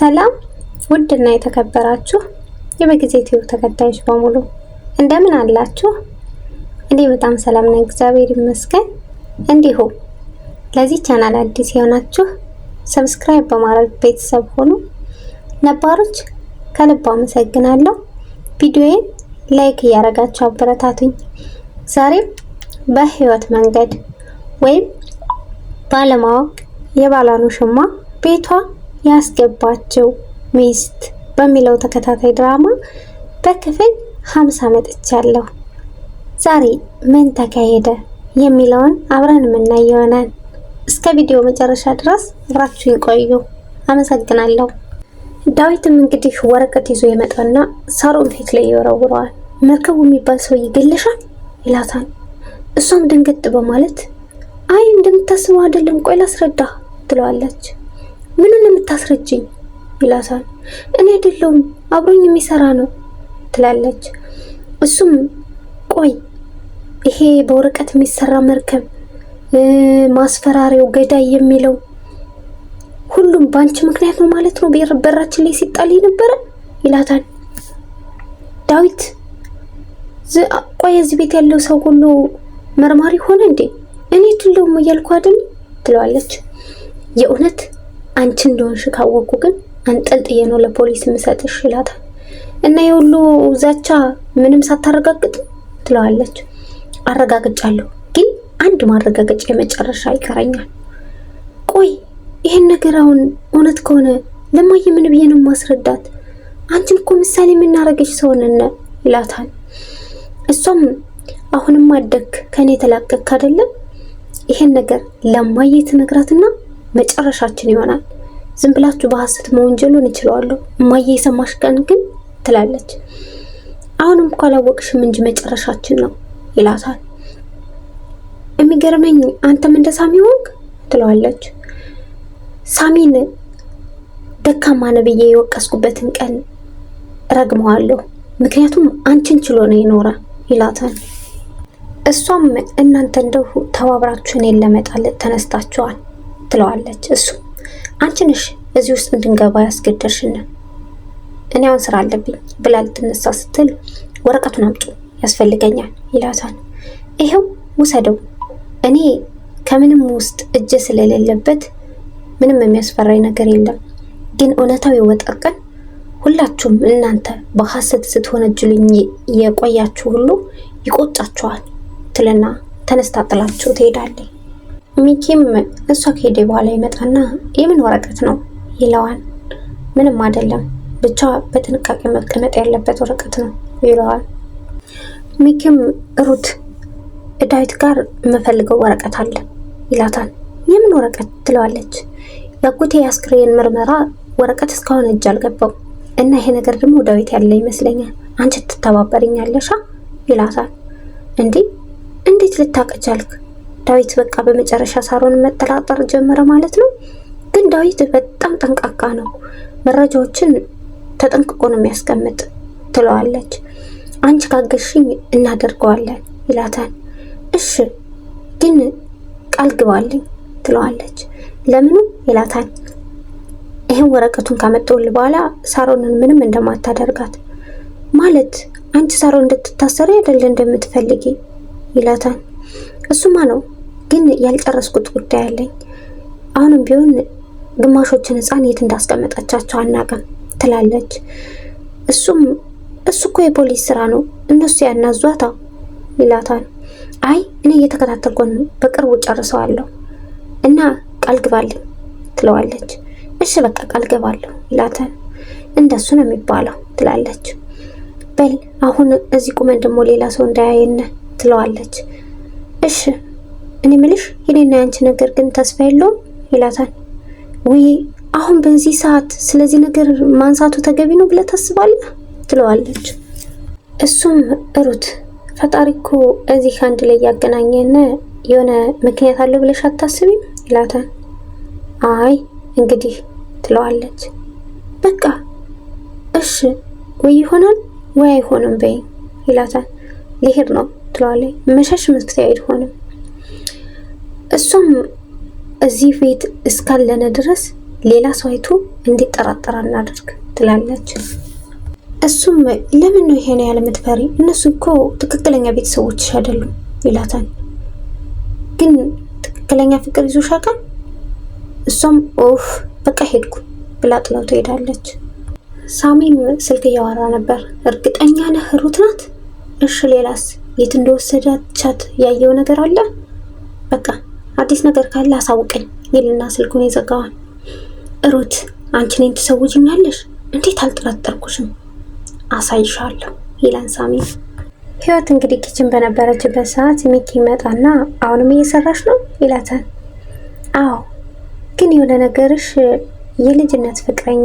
ሰላም ውድና የተከበራችሁ የበጊዜ ቲዩብ ተከታዮች በሙሉ እንደምን አላችሁ? እኔ በጣም ሰላም ነኝ፣ እግዚአብሔር ይመስገን። እንዲሁም ለዚህ ቻናል አዲስ የሆናችሁ ሰብስክራይብ በማድረግ ቤተሰብ ሆኑ። ነባሮች ከልብ አመሰግናለሁ። ቪዲዮዬን ላይክ እያደረጋችሁ አበረታቱኝ። ዛሬም በህይወት መንገድ ወይም ባለማወቅ የባሏን ውሽማ ቤቷ ያስገባቸው ሚስት በሚለው ተከታታይ ድራማ በክፍል ሀምሳ መጥቻለሁ። ዛሬ ምን ተካሄደ የሚለውን አብረን የምናይ ይሆናል። እስከ ቪዲዮ መጨረሻ ድረስ አብራችሁን ቆዩ። አመሰግናለሁ። ዳዊትም እንግዲህ ወረቀት ይዞ ይመጣና ሳሮን ፊት ላይ ይወረውረዋል። መርከቡ የሚባል ሰው ይገለሻል ይላታል። እሷም ድንገጥ በማለት አይ እንደምታስበው አይደለም፣ ቆይ ላስረዳ ትለዋለች። ምኑን የምታስረጅኝ ይላሳል። እኔ አይደለሁም አብሮኝ የሚሰራ ነው ትላለች። እሱም ቆይ ይሄ በወረቀት የሚሰራ መርከብ ማስፈራሪው ገዳይ የሚለው ሁሉም በአንቺ ምክንያት ነው ማለት ነው፣ በራችን ላይ ሲጣል ነበረ ይላታል። ዳዊት ቆይ እዚህ ቤት ያለው ሰው ሁሉ መርማሪ ሆነ እንዴ? እኔ አይደለሁም እያልኩ አይደል ትለዋለች። የእውነት አንቺ እንደሆንሽ ካወቁ ግን አንጠልጥዬ ነው ለፖሊስ የምሰጥሽ ይላታል። እና የሁሉ ዛቻ ምንም ሳታረጋግጥ ትለዋለች። አረጋግጫለሁ፣ ግን አንድ ማረጋገጫ የመጨረሻ ይቀረኛል። ቆይ ይሄን ነገር አሁን እውነት ከሆነ ለማየ ምን ብዬ ነው ማስረዳት? አንቺን እኮ ምሳሌ የምናረገች ሰውንነ ይላታል። እሷም አሁንም አደግ ከኔ የተላቀቅ አይደለም ይሄን ነገር ለማየ ትነግራትና መጨረሻችን ይሆናል። ዝም ብላችሁ በሐሰት መወንጀሉን እችለዋለሁ እማዬ የሰማሽ ቀን ግን ትላለች። አሁንም ካላወቅሽም እንጂ መጨረሻችን ነው ይላታል። የሚገርመኝ አንተም እንደ ሳሚ ሆንክ ትለዋለች። ሳሚን ደካማ ነብዬ የወቀስኩበትን ቀን ረግመዋለሁ፣ ምክንያቱም አንቺን ችሎ ነው የኖረ ይላታል። እሷም እናንተ እንደው ተባብራችሁን ለመጣል ተነስታችኋል ትለዋለች። እሱ አንቺ ነሽ እዚህ ውስጥ እንድንገባ ያስገደርሽን፣ እኔ አሁን ስራ አለብኝ ብላ ልትነሳ ስትል ወረቀቱን አምጡ ያስፈልገኛል ይላታል። ይኸው ውሰደው፣ እኔ ከምንም ውስጥ እጄ ስለሌለበት ምንም የሚያስፈራኝ ነገር የለም። ግን እውነታው የወጣ ቀን ሁላችሁም እናንተ በሐሰት ስትሆነጅሉኝ የቆያችሁ ሁሉ ይቆጫችኋል ትልና ተነስታ ጥላችሁ ትሄዳለች። ሚኪም እሷ ከሄደ በኋላ ይመጣና የምን ወረቀት ነው ይለዋል። ምንም አይደለም ብቻ በጥንቃቄ መቀመጥ ያለበት ወረቀት ነው ይለዋል። ሚኪም ሩት እዳዊት ጋር የምፈልገው ወረቀት አለ ይላታል። የምን ወረቀት ትለዋለች። ያጉቴ የአስክሬን ምርመራ ወረቀት እስካሁን እጅ አልገባው እና ይሄ ነገር ደግሞ ዳዊት ያለ ይመስለኛል፣ አንቺ ትተባበርኛለሻ ይላታል። እንዲህ እንዴት ልታቀቻልክ? ዳዊት በቃ በመጨረሻ ሳሮን መጠራጠር ጀመረ ማለት ነው። ግን ዳዊት በጣም ጠንቃቃ ነው። መረጃዎችን ተጠንቅቆ ነው የሚያስቀምጥ ትለዋለች። አንቺ ካገሽኝ እናደርገዋለን ይላታል። እሺ ግን ቃል ግባልኝ ትለዋለች። ለምኑ ይላታል። ይህን ወረቀቱን ካመጣሁልህ በኋላ ሳሮንን ምንም እንደማታደርጋት ማለት አንቺ ሳሮን እንድትታሰሪ አይደለ እንደምትፈልጊ ይላታል። እሱማ ነው ግን ያልጨረስኩት ጉዳይ አለኝ። አሁንም ቢሆን ግማሾችን ህፃን የት እንዳስቀመጠቻቸው አናውቅም ትላለች። እሱም እሱ እኮ የፖሊስ ስራ ነው እነሱ ያናዟታ ይላታል። አይ እኔ እየተከታተልኩን በቅርቡ ጨርሰዋለሁ እና ቃል ግባልኝ ትለዋለች። እሺ በቃ ቃል ገባለሁ ይላታል። እንደሱ ነው የሚባለው ትላለች። በል አሁን እዚህ ቁመን ደግሞ ሌላ ሰው እንዳያየነ ትለዋለች። እሺ እኔ ምልሽ የኔና ያንቺ ነገር ግን ተስፋ የለውም ይላታል። ውይ አሁን በዚህ ሰዓት ስለዚህ ነገር ማንሳቱ ተገቢ ነው ብለህ ታስባለህ? ትለዋለች። እሱም እሩት ፈጣሪ እኮ እዚህ አንድ ላይ ያገናኘን የሆነ ምክንያት አለው ብለሽ አታስቢም? ይላታል። አይ እንግዲህ ትለዋለች። በቃ እሺ ወይ ይሆናል ወይ አይሆንም በይ ይላታል። ሊሄድ ነው ትለዋለች። መሸሽ ምክንያት አይሆንም እሷም እዚህ ቤት እስካለነ ድረስ ሌላ ሰው አይቶ እንዲጠራጠር እናደርግ ትላለች። እሱም ለምን ነው ይሄን ያለ ምትፈሪ? እነሱ እኮ ትክክለኛ ቤተሰቦች አይደሉም ይላታል። ግን ትክክለኛ ፍቅር ይዞ አውቃል? እሷም ኦፍ በቃ ሄድኩ ብላ ጥለው ትሄዳለች። ሳሚም ስልክ እያወራ ነበር። እርግጠኛ ነህ ሩት ናት? እሺ ሌላስ? የት እንደወሰዳቻት ያየው ነገር አለ? በቃ አዲስ ነገር ካለ አሳውቀኝ ይልና ስልኩን ይዘጋዋል። ሩት አንቺ እኔን ትሰውጅኛለሽ? እንዴት አልጠረጠርኩሽም? አሳይሻለሁ ይላል ሳሚ። ህይወት እንግዲህ ኪችን በነበረችበት ሰዓት ሚኪ ይመጣና አሁንም እየሰራሽ ነው ይላታል። አዎ ግን የሆነ ነገርሽ የልጅነት ፍቅረኝ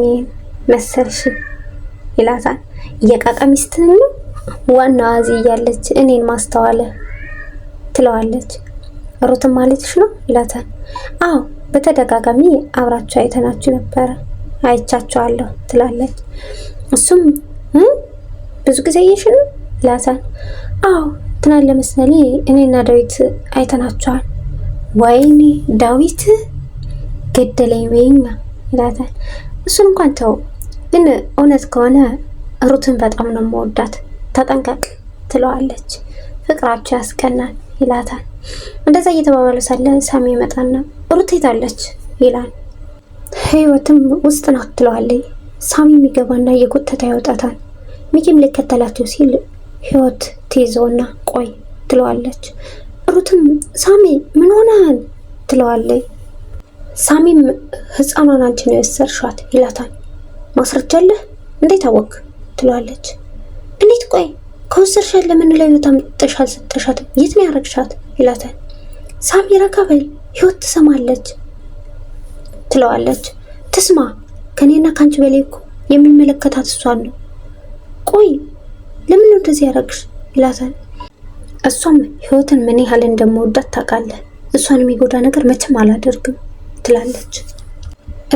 መሰልሽ ይላታል። እየቃቃ ሚስትን ዋናዋ እዚህ እያለች እኔን ማስተዋለ ትለዋለች። ሩትም ማለትሽ ነው ይላታል። አዎ በተደጋጋሚ አብራችሁ አይተናችሁ ነበረ አይቻችኋለሁ ትላለች። እሱም ብዙ ጊዜ ነው ይላታል። አዎ ትናንት ለምሳሌ እኔና ዳዊት አይተናችኋል። ወይኔ ዳዊት ገደለኝ ወይኛ ይላታል። እሱን እንኳን ተው፣ ግን እውነት ከሆነ ሩትን በጣም ነው መወዳት፣ ተጠንቀቅ ትለዋለች። ፍቅራችሁ ያስቀናል። ይላታል። እንደዛ እየተባባሉ ሳለ ሳሚ ይመጣና ሩት ሄዳለች ይላል። ህይወትም ውስጥ ናት ትለዋለች። ሳሚ የሚገባና የጎተታ ያወጣታል። ሚኪም ሊከተላቸው ሲል ህይወት ትይዘውና ቆይ ትለዋለች። ሩትም ሳሚ ምን ሆነሃል ትለዋለች። ሳሚም ህፃኗን አንቺ ነው የወሰድሻት ይላታል። ማስረጃለህ እንዴት አወቅ ትለዋለች። እንዴት ቆይ ከወሰድሻት ለምን ላይ ታምጥሻል? ሰጠሻትም የት ነው ያረግሻት? ይላታል። ሳሚራ ካበል ህይወት ትሰማለች ትለዋለች። ትስማ ከኔና ከአንቺ በላይ እኮ የሚመለከታት እሷን ነው። ቆይ ለምን እንደዚህ ያረግሽ? ይላታል። እሷም ህይወትን ምን ያህል እንደምወዳት ታውቃለህ። እሷን የሚጎዳ ነገር መቼም አላደርግም ትላለች።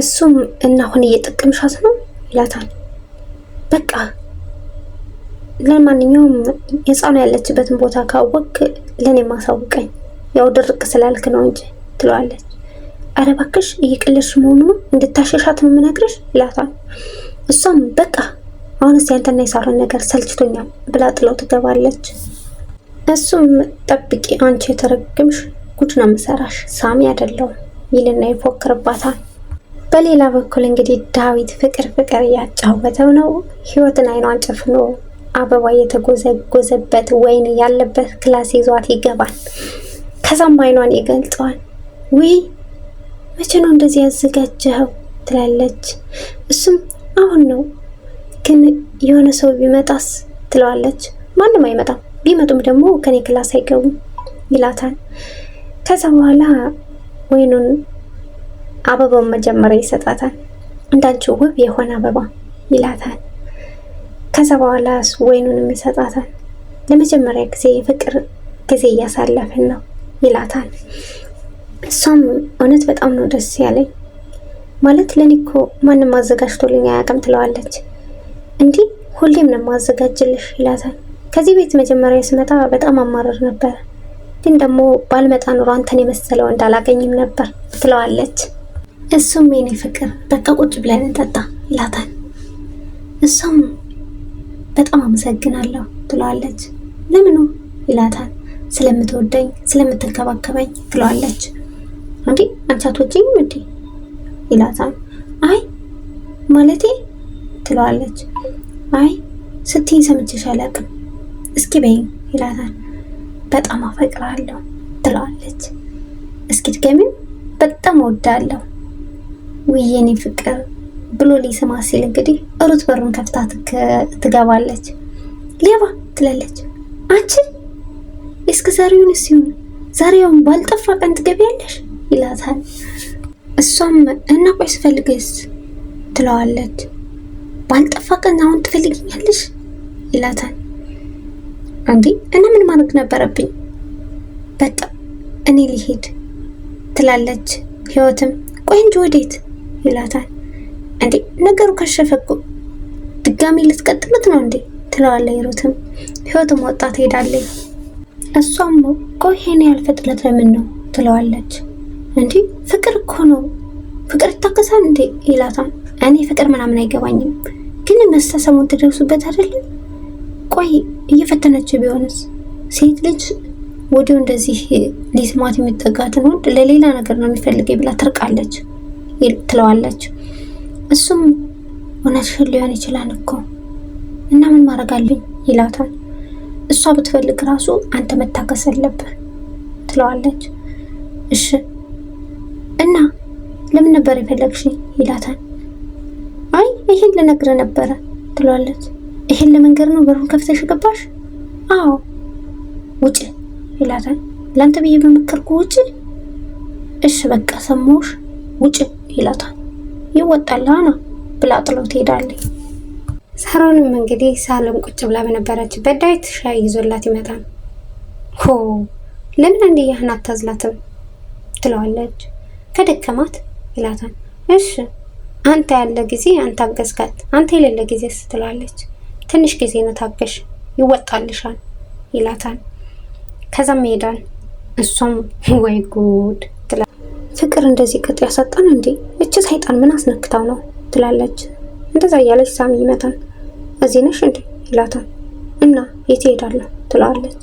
እሱም እና አሁን እየጠቀምሻት ነው ይላታል። በቃ ለማንኛውም የሕፃኗ ያለችበትን ቦታ ካወቅ ለእኔ ማሳውቀኝ፣ ያው ድርቅ ስላልክ ነው እንጂ ትለዋለች። አረ እባክሽ እየቀለድሽ መሆኑ እንድታሸሻት ነው የምነግርሽ ይላታል። እሷም በቃ አሁንስ ያንተና የሳሮን ነገር ሰልችቶኛል ብላ ጥለው ትገባለች። እሱም ጠብቂ አንቺ የተረግምሽ ጉድ ነው የምሰራሽ ሳሚ አይደለሁም ይልና ይፎክርባታል። በሌላ በኩል እንግዲህ ዳዊት ፍቅር ፍቅር እያጫወተው ነው። ህይወትን አይኗን ጨፍኖ አበባ የተጎዘጎዘበት ወይን ያለበት ክላስ ይዟት ይገባል። ከዛም አይኗን ይገልጠዋል። ውይ መቼ ነው እንደዚህ ያዘጋጀኸው? ትላለች። እሱም አሁን ነው ግን የሆነ ሰው ቢመጣስ? ትለዋለች። ማንም አይመጣም፣ ቢመጡም ደግሞ ከኔ ክላስ አይገቡም ይላታል። ከዛ በኋላ ወይኑን አበባውን መጀመሪያ ይሰጣታል። እንዳንቺ ውብ የሆነ አበባ ይላታል። ከዛ በኋላ ወይኑንም ይሰጣታል። ለመጀመሪያ ጊዜ የፍቅር ጊዜ እያሳለፍን ነው ይላታል። እሷም እውነት በጣም ነው ደስ ያለኝ ማለት ለእኔ እኮ ማንም አዘጋጅቶልኝ አያውቅም ትለዋለች። እንዲህ ሁሌም ነው ይላታል። ከዚህ ቤት መጀመሪያ ስመጣ በጣም አማረር ነበረ፣ ግን ደግሞ ባልመጣ ኑሮ አንተን የመሰለው እንዳላገኝም ነበር ትለዋለች። እሱም የኔ ፍቅር በቃ ቁጭ ብለን እንጠጣ ይላታል። እሷም በጣም አመሰግናለሁ ትለዋለች። ለምኑ ይላታል። ስለምትወደኝ ስለምትከባከበኝ ትለዋለች። እንዴ አንቺ አትወጂኝም እንዴ ይላታል። አይ ማለቴ ትለዋለች። አይ ስትይኝ ሰምቼሽ አላውቅም እስኪ በይኝ ይላታል። በጣም አፈቅራለሁ ትለዋለች። እስኪ ድገሚው በጣም ወዳለሁ ውዬኔ ፍቅር ብሎ ሊስማ ሲል እንግዲህ ሩት በሩን ከፍታ ትገባለች። ሌባ ትላለች። አንቺ እስከ ዛሬውን ሲሆን ዛሬውን ባልጠፋ ቀን ትገቢያለሽ ይላታል። እሷም እና ቆይ ስፈልግስ ትለዋለች። ባልጠፋ ቀን አሁን ትፈልግኛለሽ ይላታል። አንዴ እና ምን ማድረግ ነበረብኝ? በጣም እኔ ሊሄድ ትላለች። ህይወትም ቆይ እንጂ ወዴት ይላታል። እንዴ ነገሩ ከሸፈኩ ድጋሚ ልትቀጥሉት ነው እንዴ ትለዋለች ሩትም። ህይወትም ወጣ ትሄዳለች። እሷም ቆይ ይሄን ያልፈጥነት ለምን ነው ትለዋለች። እንዲህ ፍቅር እኮ ነው ፍቅር ይታከሳል እንዴ ይላታም። እኔ ፍቅር ምናምን አይገባኝም፣ ግን መስተሰሙን ትደርሱበት አይደለም። ቆይ እየፈተነችው ቢሆንስ? ሴት ልጅ ወዲያው እንደዚህ ሊስማት የሚጠጋትን ወንድ ለሌላ ነገር ነው የሚፈልገኝ ብላ ትርቃለች ትለዋለች። እሱም እውነትሽን ሊሆን ይችላል እኮ እና ምን ማድረግ አለኝ ይላታል። እሷ ብትፈልግ ራሱ አንተ መታከስ አለብህ ትለዋለች። እሺ እና ለምን ነበር የፈለግሽ ይላታል። አይ ይሄን ልነግር ነበረ ትለዋለች። ይሄን ለመንገር ነው በሩን ከፍተሽ ገባሽ? አዎ ውጭ ይላታል። ለአንተ ብዬ በመከርኩ ውጭ። እሺ በቃ ሰማሁሽ፣ ውጭ ይላታል። ይወጣላ ነው ብላ ጥሎ ትሄዳለች። ሳሮንም እንግዲህ ሳሎም ቁጭ ብላ በነበረችበት ዳዊት ሻይ ይዞላት ይመጣል። ሆ ለምን አንድ ያህን አታዝላትም ትለዋለች። ከደከማት ይላታል። እሺ አንተ ያለ ጊዜ አንተ አገዝካት፣ አንተ የሌለ ጊዜ ስትለዋለች። ትንሽ ጊዜ ነው ታገሽ፣ ይወጣልሻል ይላታል። ከዛም ይሄዳል። እሷም ወይ ጉድ ትላ ፍቅር እንደዚህ ቅጥ ያሰጣን እንዴ? እች ሰይጣን ምን አስነክታው ነው ትላለች። እንደዛ እያለች ሳሚ ይመታል። እዚህ ነሽ እንዴ ይላታል። እና የት እሄዳለሁ ትለዋለች።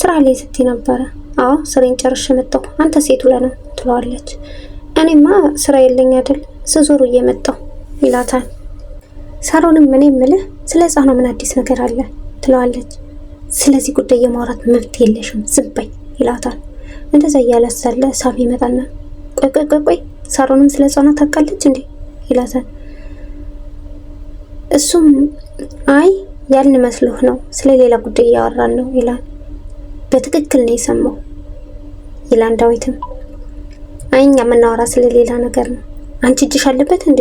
ስራ ላይ ስትይ ነበረ። አዎ ስሬን ጨርሼ መጣሁ። አንተ ሴቱ ለነው ትለዋለች። እኔማ ስራ የለኝ አይደል ስዞሩ እየመጣሁ ይላታል። ሳሮንም እኔ የምልህ ስለ ሕፃኗ ምን አዲስ ነገር አለ ትለዋለች። ስለዚህ ጉዳይ የማውራት መብት የለሽም ዝም በይ ይላታል። እንደዛ እያለ ሳለ ሳሚ ይመጣና ቆይ ቆይ ቆይ ሳሮንም ስለ ህፃኗ ታውቃለች እንዴ ይላታል። እሱም አይ ያልን መስሎህ ነው፣ ስለ ሌላ ጉዳይ እያወራን ነው ይላል። በትክክል ነው የሰማው ይላል ዳዊትም። አይ እኛ የምናወራ ስለ ሌላ ነገር ነው፣ አንቺ እጅሽ አለበት እንዴ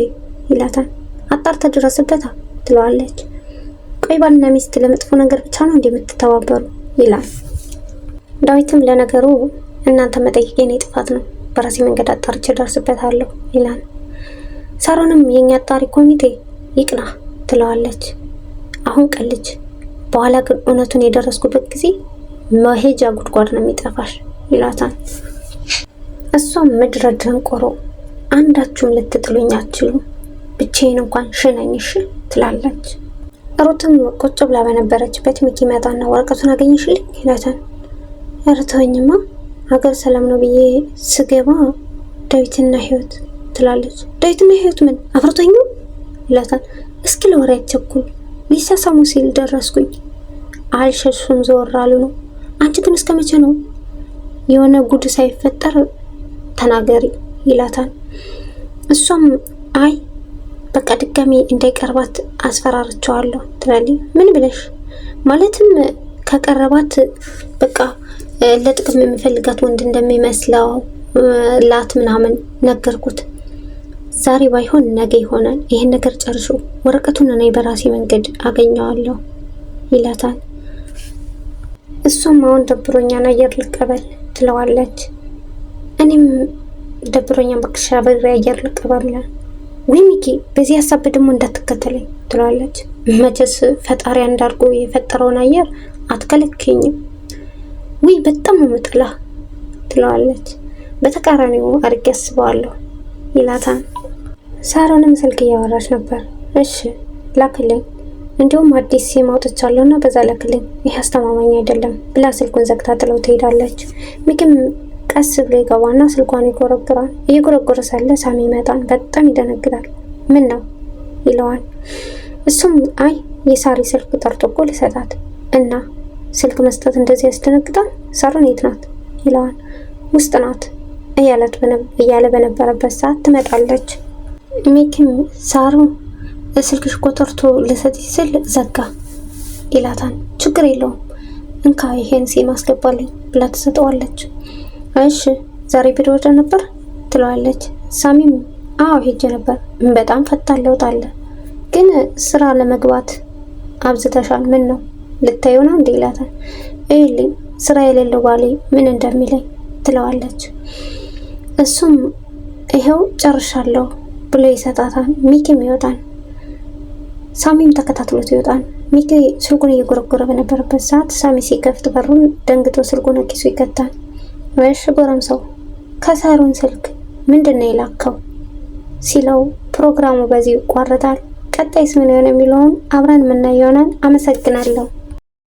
ይላታል። አጣር ድረስበታ ትለዋለች። ቆይ ባልና ሚስት ለመጥፎ ነገር ብቻ ነው እንዴ የምትተባበሩ ይላል ዳዊትም። ለነገሩ እናንተ መጠየቅ የኔ ጥፋት ነው በራሴ መንገድ አጣርቼ ደርስበታለሁ ይላል። ሳሮንም የእኛ አጣሪ ኮሚቴ ይቅና ትለዋለች። አሁን ቀልጅ፣ በኋላ ግን እውነቱን የደረስኩበት ጊዜ መሄጃ ጉድጓድ ነው የሚጠፋሽ ይላታል። እሷም ምድረ ደንቆሮ አንዳችሁም ልትጥሉኝ አትችሉም፣ ብቻዬን እንኳን ሽነኝሽ ትላለች። ሩትም ቁጭ ብላ በነበረችበት ሚኪ መጣና ወረቀቱን አገኘሽልኝ ይላታል። እርተወኝማ ሀገር ሰላም ነው ብዬ ስገባ ዳዊትና ህይወት ትላለች። ዳዊትና ህይወት ምን አፍርቶኝ ይላታል። እስኪ ለወሬ አትቸኩል ሊሳሳሙ ሲል ደረስኩኝ። አልሸሹም ዘወር አሉ ነው። አንቺ ግን እስከ መቼ ነው የሆነ ጉድ ሳይፈጠር ተናገሪ ይላታል። እሷም አይ በቃ ድጋሚ እንዳይቀርባት አስፈራርቸዋለሁ ትላለች። ምን ብለሽ ማለትም ከቀረባት በቃ ለጥቅም የሚፈልጋት ወንድ እንደሚመስለው ላት ምናምን ነገርኩት። ዛሬ ባይሆን ነገ ይሆናል። ይህን ነገር ጨርሹ፣ ወረቀቱን እኔ በራሴ መንገድ አገኘዋለሁ ይላታል። እሱም አሁን ደብሮኛን አየር ልቀበል ትለዋለች። እኔም ደብሮኛን በክሻ በግሬ አየር ልቀበል ወይ ሚኪ፣ በዚህ ሀሳብ ደግሞ እንዳትከተለኝ ትለዋለች። መቼስ ፈጣሪያ እንዳርጎ የፈጠረውን አየር አትከለክኝም ውይ በጣም ምጥላ ትለዋለች። በተቃራኒው አድርጌ አስበዋለሁ ይላታል። ሳሮንም ስልክ እያወራች ነበር። እሺ ላክልኝ፣ እንዲሁም አዲስ ሲም አውጥቻለሁ እና በዛ ላክልኝ፣ ይህ አስተማማኝ አይደለም ብላ ስልኩን ዘግታ ጥለው ትሄዳለች። ሚኪም ቀስ ብሎ ይገባና ስልኳን ይጎረጉራል። እየጎረጎረ ሳለ ሳሚ ይመጣል። በጣም ይደነግጣል። ምን ነው ይለዋል። እሱም አይ የሳሪ ስልክ ጠርቶ እኮ ልሰጣት እና ስልክ መስጠት እንደዚህ ያስደነግጣል። ሳሮን የት ናት ይለዋል። ውስጥ ናት እያለ በነበረበት ሰዓት ትመጣለች። ሚኪም ሳሩ ስልክሽ ቆጠርቶ ልሰጥ ስል ዘጋ ይላታል። ችግር የለውም እንካ ይሄን ሲም አስገባልኝ ብላ ትሰጠዋለች። እሺ ዛሬ ቢሮ ነበር ትለዋለች። ሳሚም አዎ ሄጄ ነበር፣ በጣም ፈታን ለውጥ አለ፣ ግን ስራ ለመግባት አብዝተሻል። ምን ነው ልታዩ ነው እንዴ ይላታል። ይህልኝ ስራ የሌለው ባሌ ምን እንደሚለኝ ትለዋለች። እሱም ይኸው ጨርሻለሁ ብሎ ይሰጣታል። ሚኪም ይወጣል። ሳሚም ተከታትሎት ይወጣል። ሚኪ ስልኩን እየጎረጎረ በነበረበት ሰዓት ሳሚ ሲከፍት በሩን ደንግጦ ስልኩን ኪሱ ይከታል። ጎረም ሰው ከሳሩን ስልክ ምንድን ነው የላከው ሲለው ፕሮግራሙ በዚህ ይቋረጣል። ቀጣይስ ምን የሆነ የሚለውን አብረን የምናየው ይሆናል። አመሰግናለሁ።